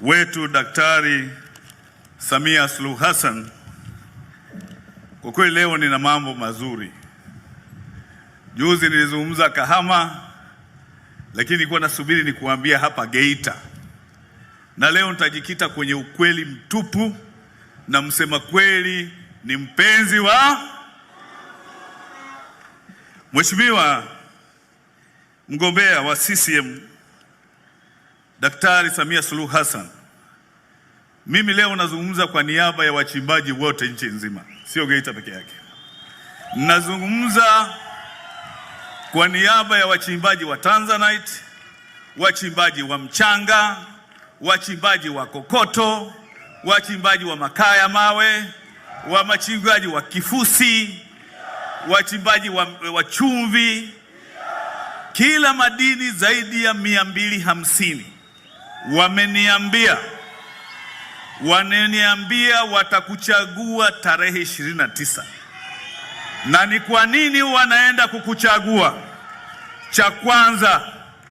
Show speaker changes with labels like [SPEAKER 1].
[SPEAKER 1] wetu Daktari Samia Suluhu Hassan, kwa kweli leo nina mambo mazuri. Juzi nilizungumza Kahama, lakini nilikuwa nasubiri nikuambia hapa Geita, na leo nitajikita kwenye ukweli mtupu, na msema kweli ni mpenzi wa Mheshimiwa mgombea wa CCM Daktari Samia Suluhu Hassan, mimi leo nazungumza kwa niaba ya wachimbaji wote nchi nzima, sio Geita peke yake. Nazungumza kwa niaba ya wachimbaji wa Tanzanite, wachimbaji wa mchanga, wachimbaji wa kokoto, wachimbaji wa makaa ya mawe, wa machimbaji wa kifusi, wachimbaji wa, wa chumvi, kila madini zaidi ya mia mbili hamsini wameniambia wameniambia watakuchagua tarehe 29. Na ni kwa nini wanaenda kukuchagua? Cha kwanza